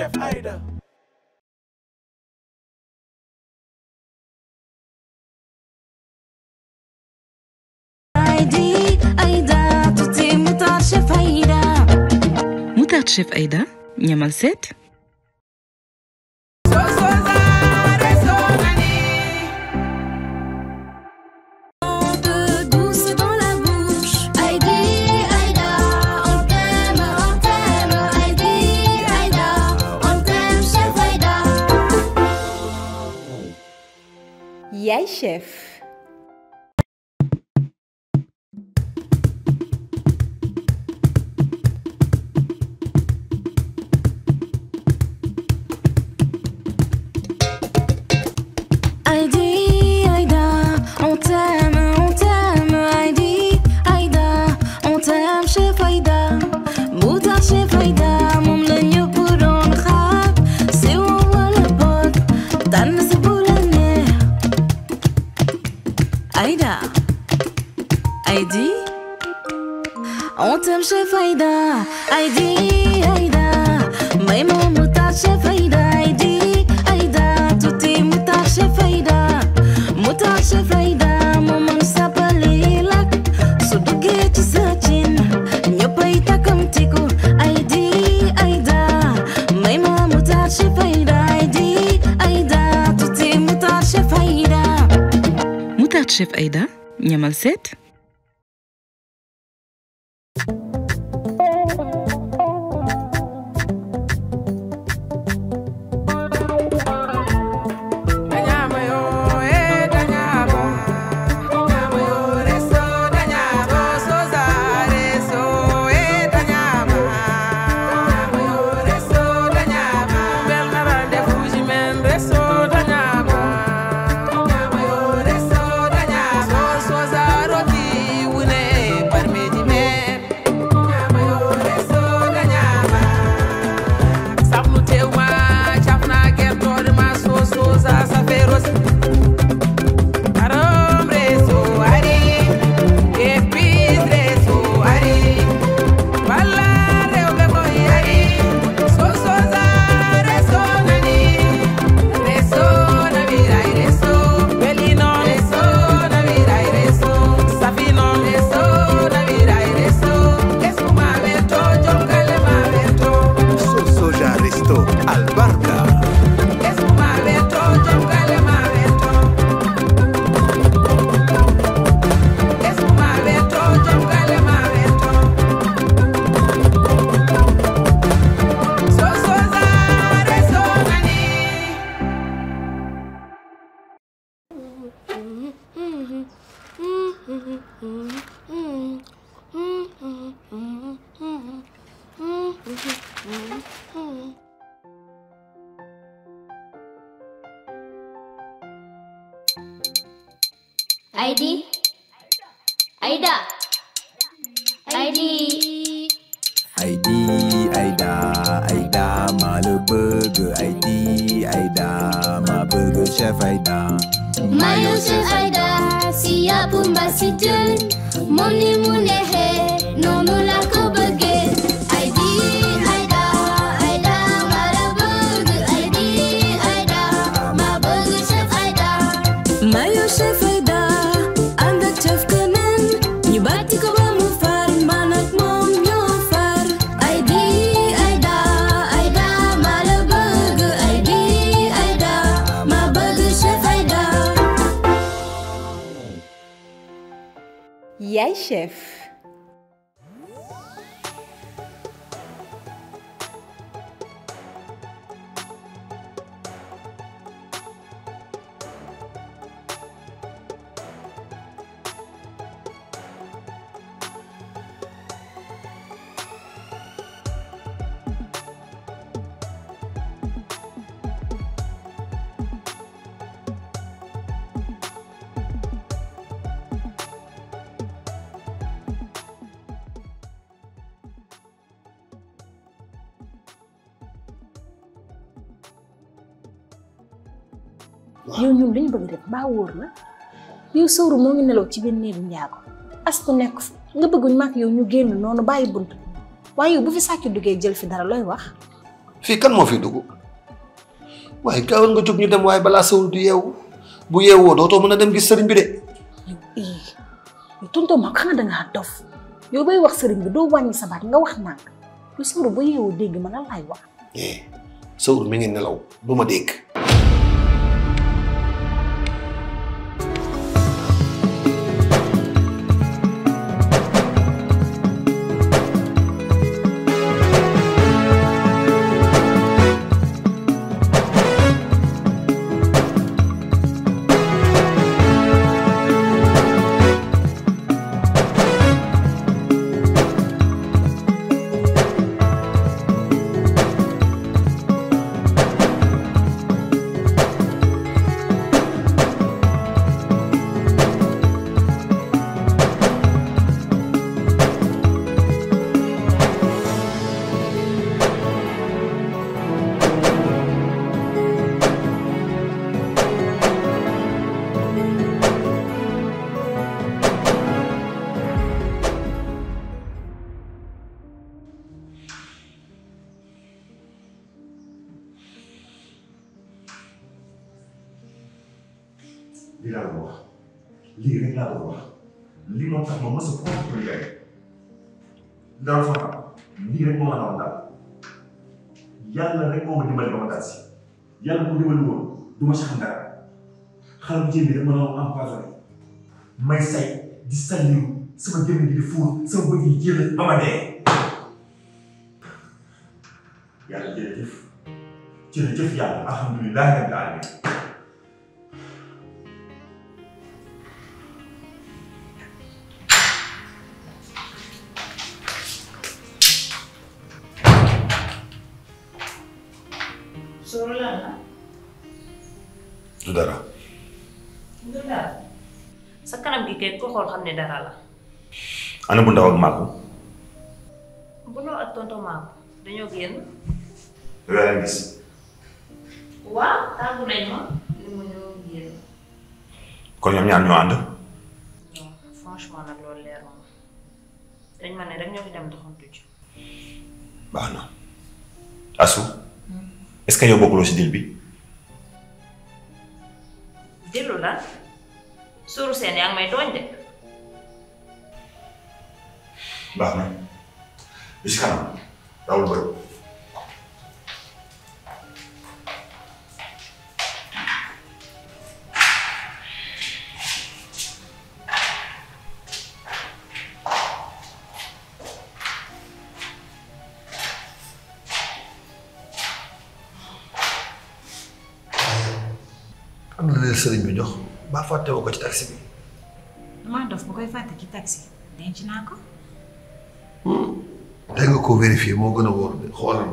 الشيف ايده متعت شيف أيدا يا Yes, Chef! انت مش فايدة ايدي ايدا ميمو متعش فايدة ايدي ايدا توتي متعش فايدة متعش فايدة ماما نسابلي لك صدقي تساتين نيوبي تكمتكو ايدي ايدا ميمو متعش فايدة ايدي ايدا توتي متعش فايدة متعش فايدة نعمل سيت chef. mbaa wóor na yow sóoru moo ngi nelaw ci benn néegu njaago astu nekk fi nga bëgguñ maak yow ñu génn noonu bàyyi bunt waaye yow bu fi sàcc duggee jël fi dara looy wax fii kan moo fi dugg waaye gaawal nga jóg ñu dem waaye balaa sóoru du yeewu bu yeewoo dootoo mën dem gis sëriñ bi de yow eh, dof yow bay wax sëriñ bi doo wàññi sa baat nga wax nànk yow sóoru ba yeewoo dégg ma lan laay wax eh, sóoru mi ngi nelaw du dégg lii laa doon wax lii rek laa doon wax lii moo tax ma mos a ko yaay daal fa lii rek moo ma doon daal yàlla rek moo ma dimbali ba ma daal si yàlla bu dimbali woon du ma si xam dara xale bu jéem bi rek ma doon empoisonné may say di sànniw sama gémmiñ gi di fuur sama bëgg yi jël ba ma dee yàlla jërëjëf jërëjëf yàlla alhamdulilah rabbil alamin ne dara la ana bu ndaw ak mako bu no ak tonto mako dañu génn Wala gis wa tagu nañ ma ni mo ñu génn Ko ñam ñaan ñu and franchement nak lool leer ma dañ ma ne rek ñoo fi dem doxantu ci baxna asu hmm. est ce que yow lo ci dil bi dilu la suru sen yang may doñ de Bak ne? Iskana. Davul bari. am na leen sëriñ bi jox ba fàtte woo ko ci taxi bi. damaa dof bu koy fàtte ci taxi denc naa Denk ook hoe werf je mogen worden. Gewoon aan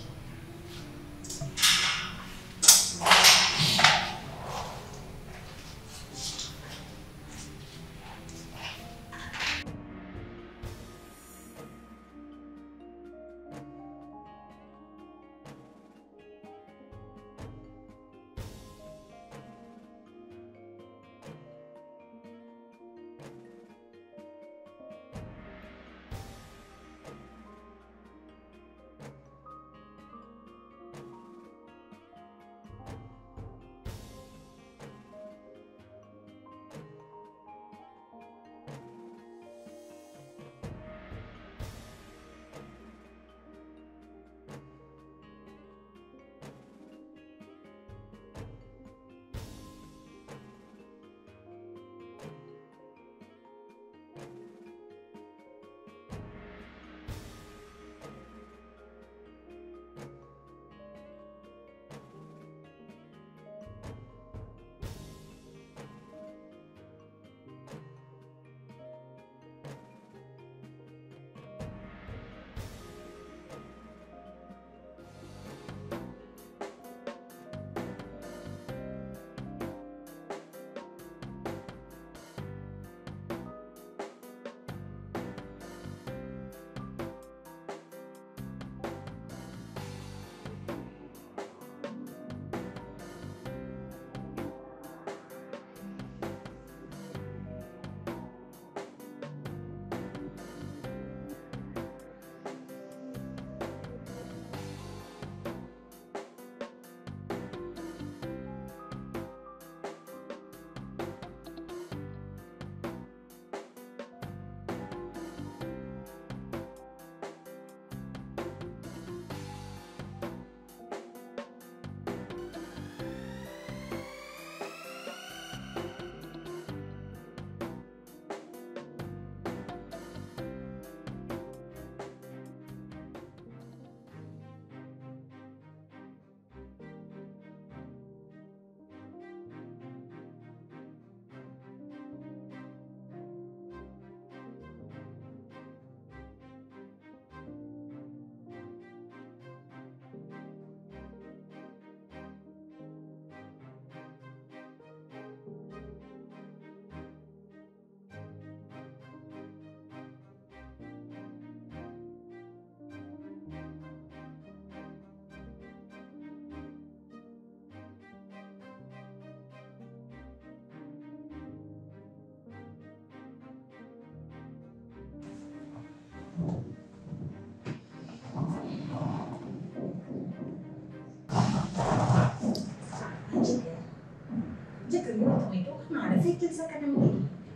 moom mooy toog xanaa dafay jël sa kanam bi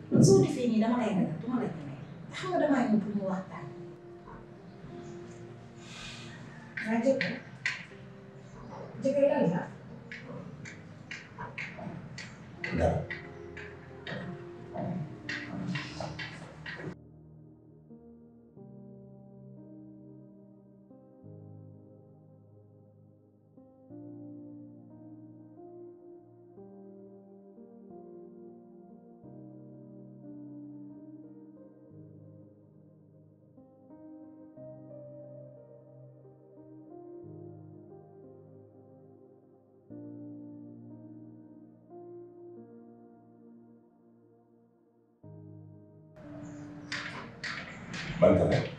man soo defee nii dama lay Van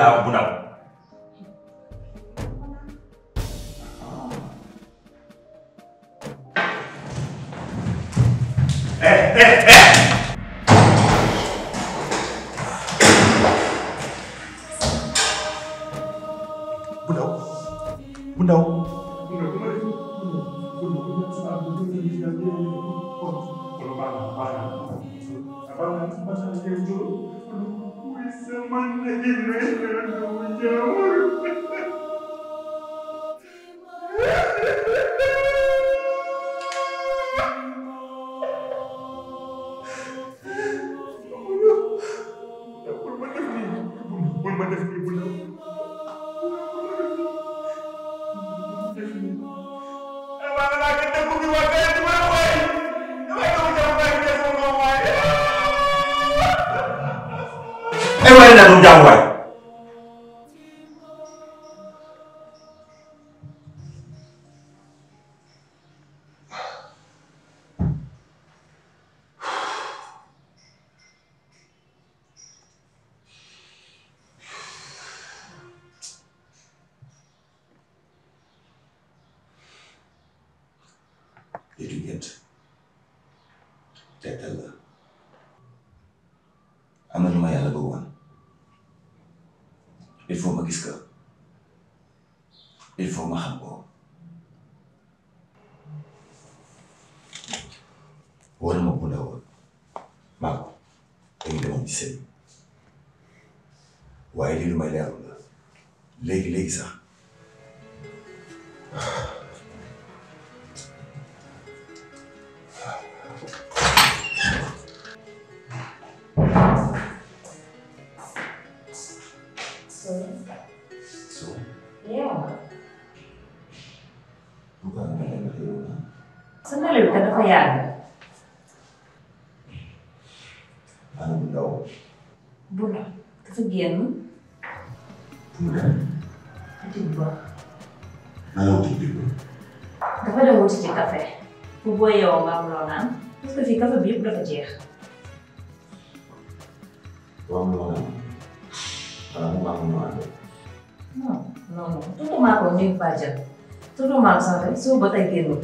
la bu eh eh I'm Gracias. léegi ñett tegtal la am na lu ma yàlla bëggoon il faut ma gis ko il faut ma xam ko bunda woon maa ko dañu demoon waaye lii lu may leeral la sax उसको बताइए लोग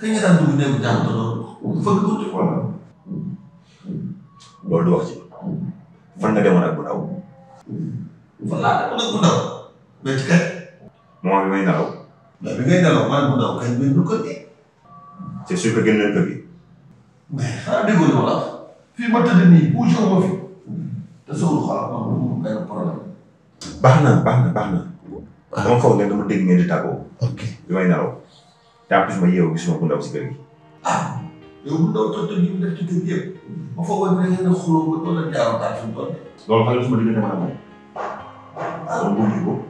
वैसे kamu ini fokus man mu daw kañ benn kër gi. te suy ko génneel kër gi. mais xanaa déggoo li ma la fii ba tëdd nii bu jox ma fi te sowul xoolal ma mu benn problème. baax na baax na baax na. dama foog ne dama dégg ngeen di tàggoo. ok li may naraw. daa plus ma yeewu gisuma ku ndaw si kër gi. ah yow bu ndaw tontu ñu def ci kër gi yëpp ma foogoon ne ngeen a xuloo ba doon fi mu toll. loolu ma diggante ma ne moom.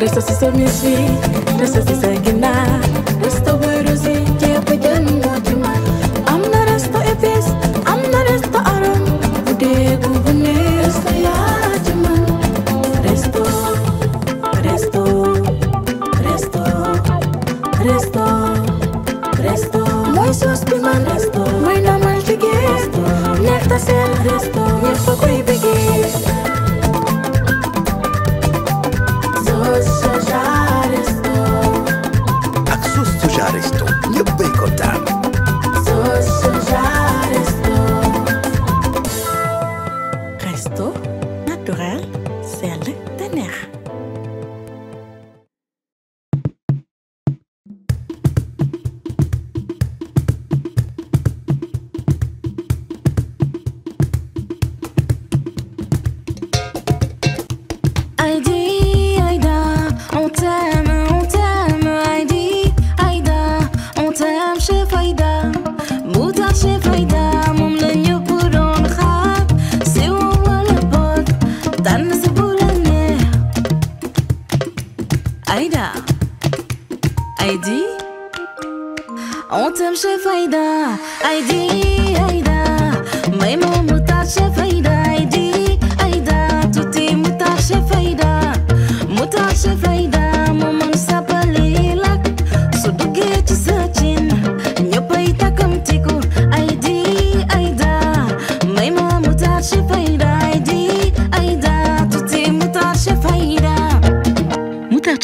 Dessa is so minha suite, is se sangue Aïda Aïdi On t'aime chef Aïda Aïdi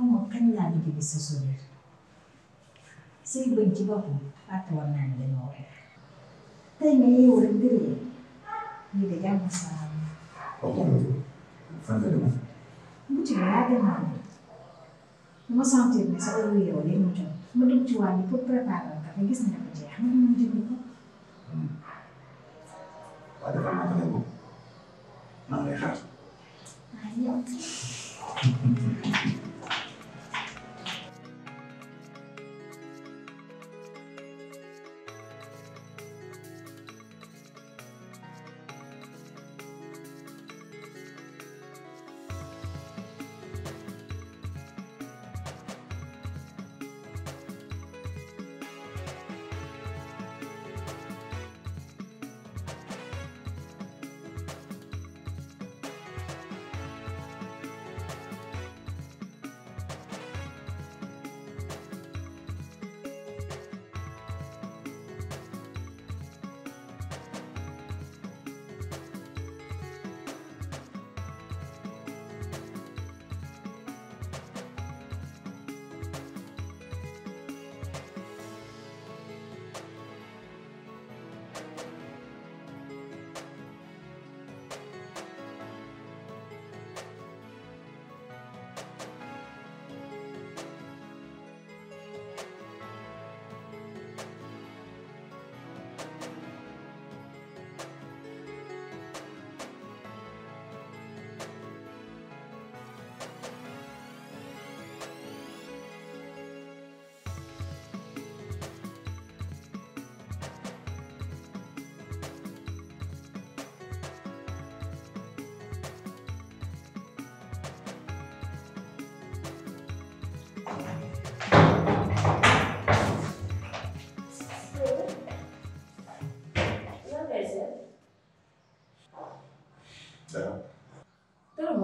xaw ma kañ laa mujj bi sa sourire say bëñ ci boppam fàtte woon naa ne dañoo weex tey yi de jàmm saa fan nga demoon. mucc bi laa demoon ne ma sentir ne sa heure yow day mu jot ci wàll pour préparer la café gis na ko jeex ma dem jënd ko. waaw defal naa ko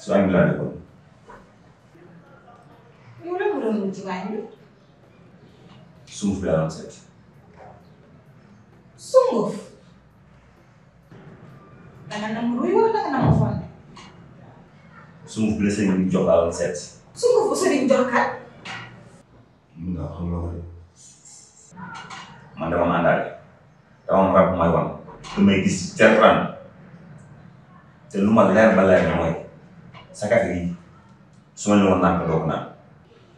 su añ laa defoon. yow lan nga doon wut ci waañ bi. sunguf bi laa doon seet. sunguf. danga nam ruy wala danga nam fonde. sunguf bi la sëriñ bi jox laa doon seet. sunguf bu sëriñ jox kat. mun naa xam loo xam man dama mandaale dama am rab bu may wan. lu may gis ci te lu sakagiri sumani wonnan ko dokna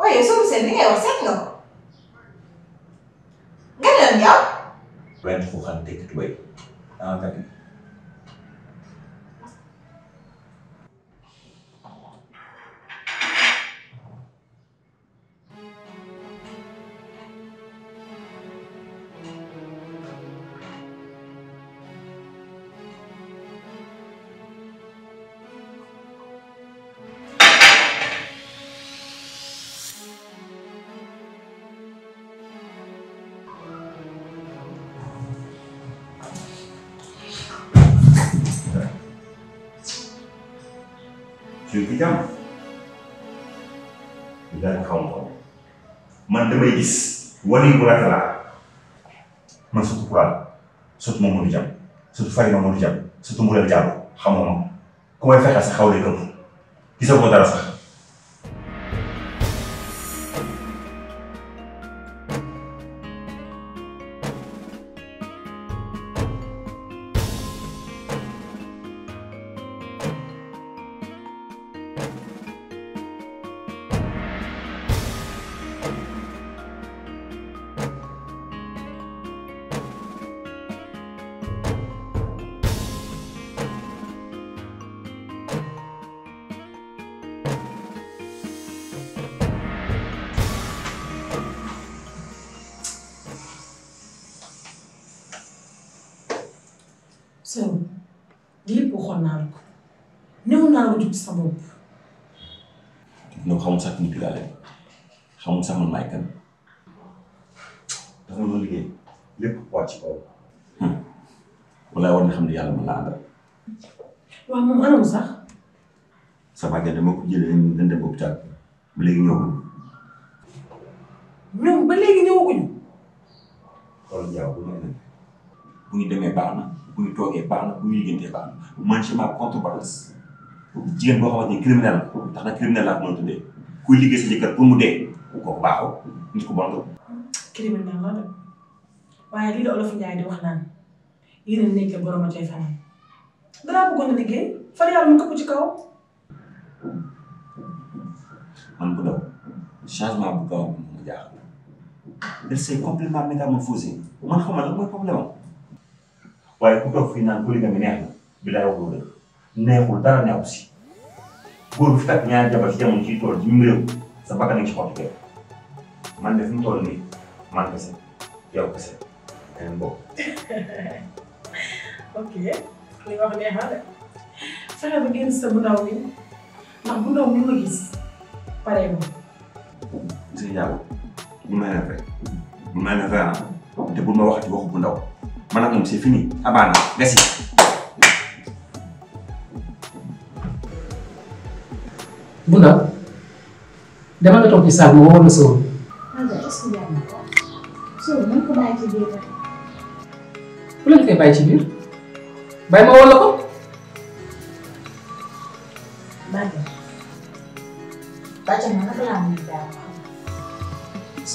oye ya, so sende e wasenno ngadon yaw went ko xante ko way an takki jurgidam lan xaw ma man damay gis wali bu rafet laa man surtout Kuraal surtout Mamadou Diam surtout Faye Mamadou Diam surtout Mourel Diallo xamoo ma ku may fexe sax xaw lay gëm gisoo ko dara sax sama gerte moo ko jëlee dañ dem hôpital ba léegi ñëwagul. ñoom ba léegi ñëwaguñu. xoolal jaww bu ñu bu ñu demee baax na bu jigéen boo xamante ni criminel la ndax nag criminel laa ko mën a tuddee kuy liggéey sa jëkkër pour mu dee kooku baaxul nit ku bon la. criminel la de waaye lii la olof Njaay di wax naan yéen a nekk borom a cay fanaan. dara bëggoon na liggéey far yàlla mu këpp ci kaw. man bu ndaw changement bu gaaw bi mu jaaxal il s'est complètement métamorphosé man xam nga lan mooy problème am. waaye ku toog fii naan polygamie neex na bilaay wax dëgg neexul dara neexu si góor fi takk ñaari jabar ci jamono ciy tool ci mu réew sa bakkan nañ ci xottu man de fi mu toll nii man kese yow kese keneen boobu. ok li nga wax neexal fexe ba génn sa bu ndaw bi ndax bu ndaw mi nga gis. pareegu. Sí, ya. bu ma leen fekk bu ma leen fekk te bu ma waxati waxu bu ndaw man ak moom c'est fini abaana gasi bu ndaw dama la toog ci saag ma woon na sóor. sóor nañ ko bàyyi ci biir.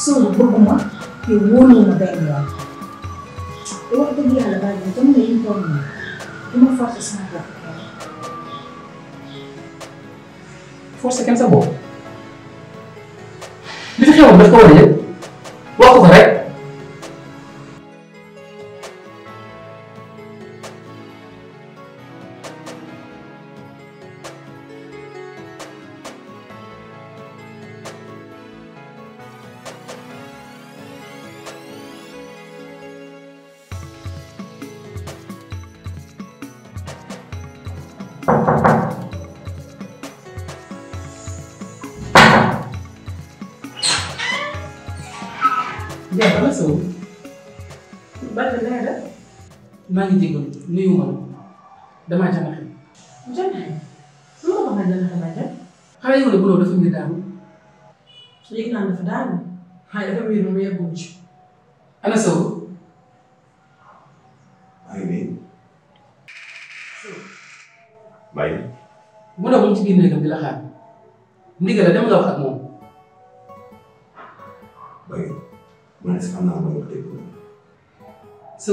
sëw bëgguma te wóoluwuma benn yoon te wax dëgg yàlla baal na jamono yi ñu toll nii du ma forcer sama sa bopp li fi xewoon daf ko war a yëg wax ko Sow. Balla nee na. maa ngi jégalu nuyuwuma la.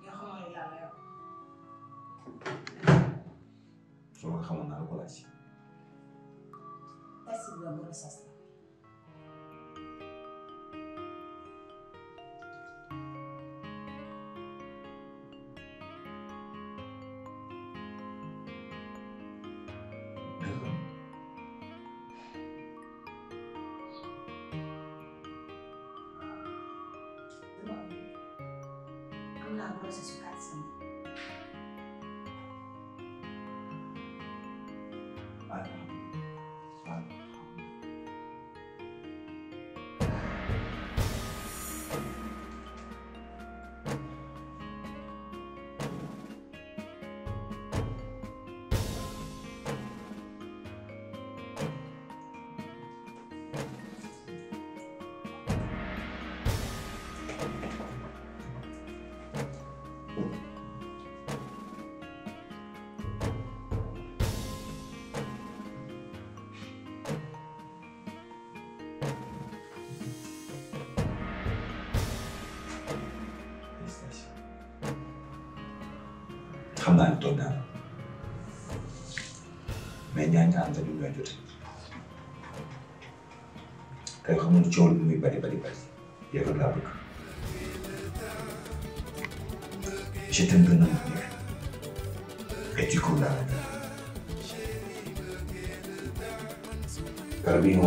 别和我聊了，一会儿看我拿过来行。都是苏妲己。xam naa ne toog naa mais ñaar ñaar ànd ñu ñoo jote tey xam nga coow lu muy bari bari bari yow laa bëgg je t'aime de l'amour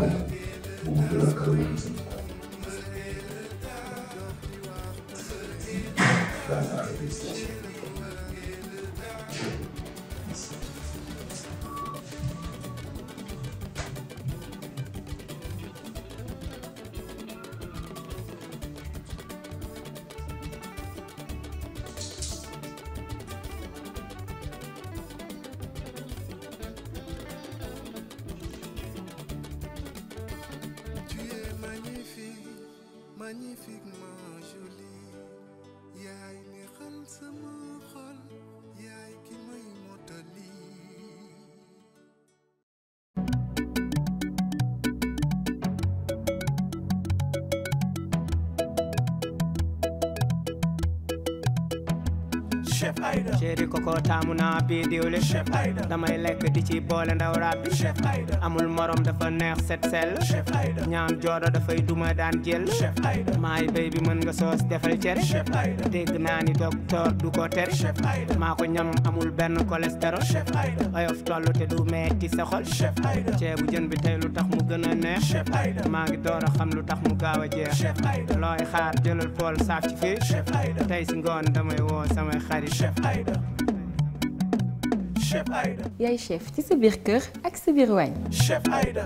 et magnifiquement jolie ki may motali Chef Aïda chéri koko taamu naa bii diwli chef Aïda damay lek di ci ndaw rap bi chef Aïda amul morom dafa neex set sell chef Aïda jodo da fay duma daan jël chef Aïda may béy bi mën nga sos defal cere chef Aïda deg naani docteur du ko ter chef Aïda mako ñam amul ben cholestérol chef Aïda of tollu te du metti sa xol chef Aïda bu jeun bi tay lu tax mu gëna neex chef Aïda ma ngi dora xam lu tax mu gawa jeex chef Aïda loy xaar jëlal pool saaf ci fi chef Aïda tay si ngon damay wo sama xarit chef Aïda Aïda chef Aïda. yaay chef ci sa biir kër ak sa biir waañ. chef Aïda.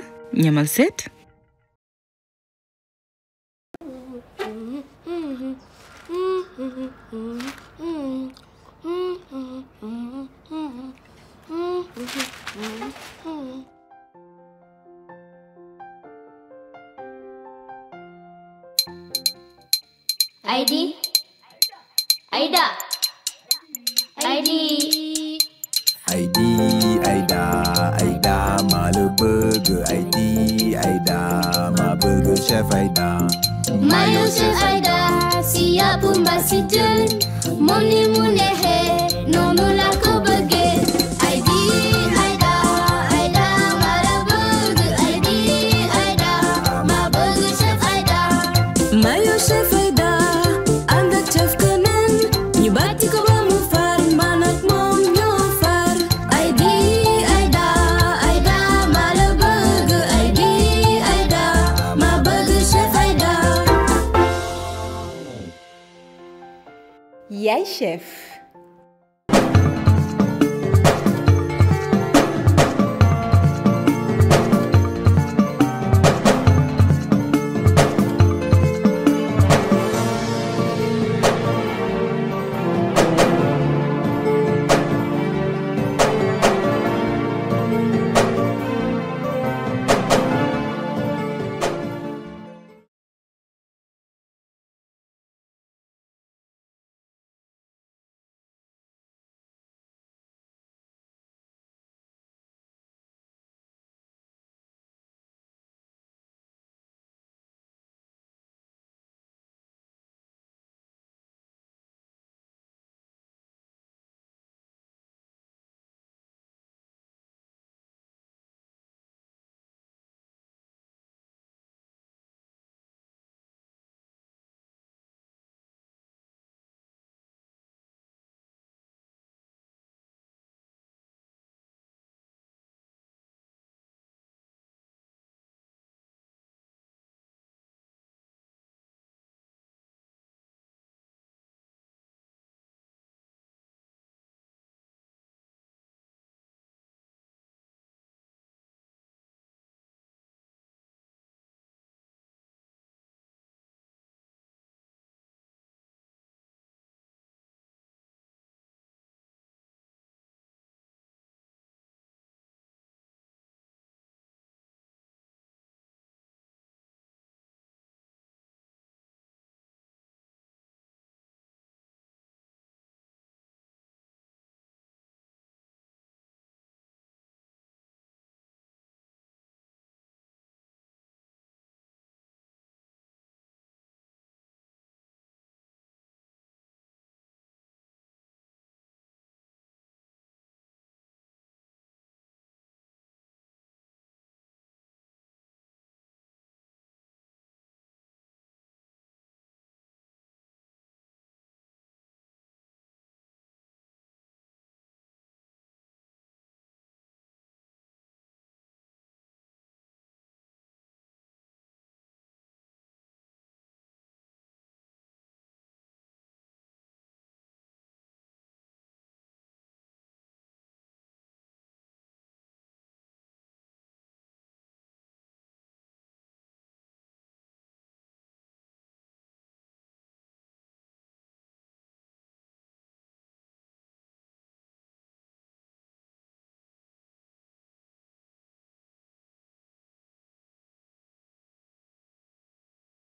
ID Aida ID ID Aida Aida malu burger ID Aida ma burger chef Aida Mayo chef Aida siap pun basi jen Mone mune he nono chef.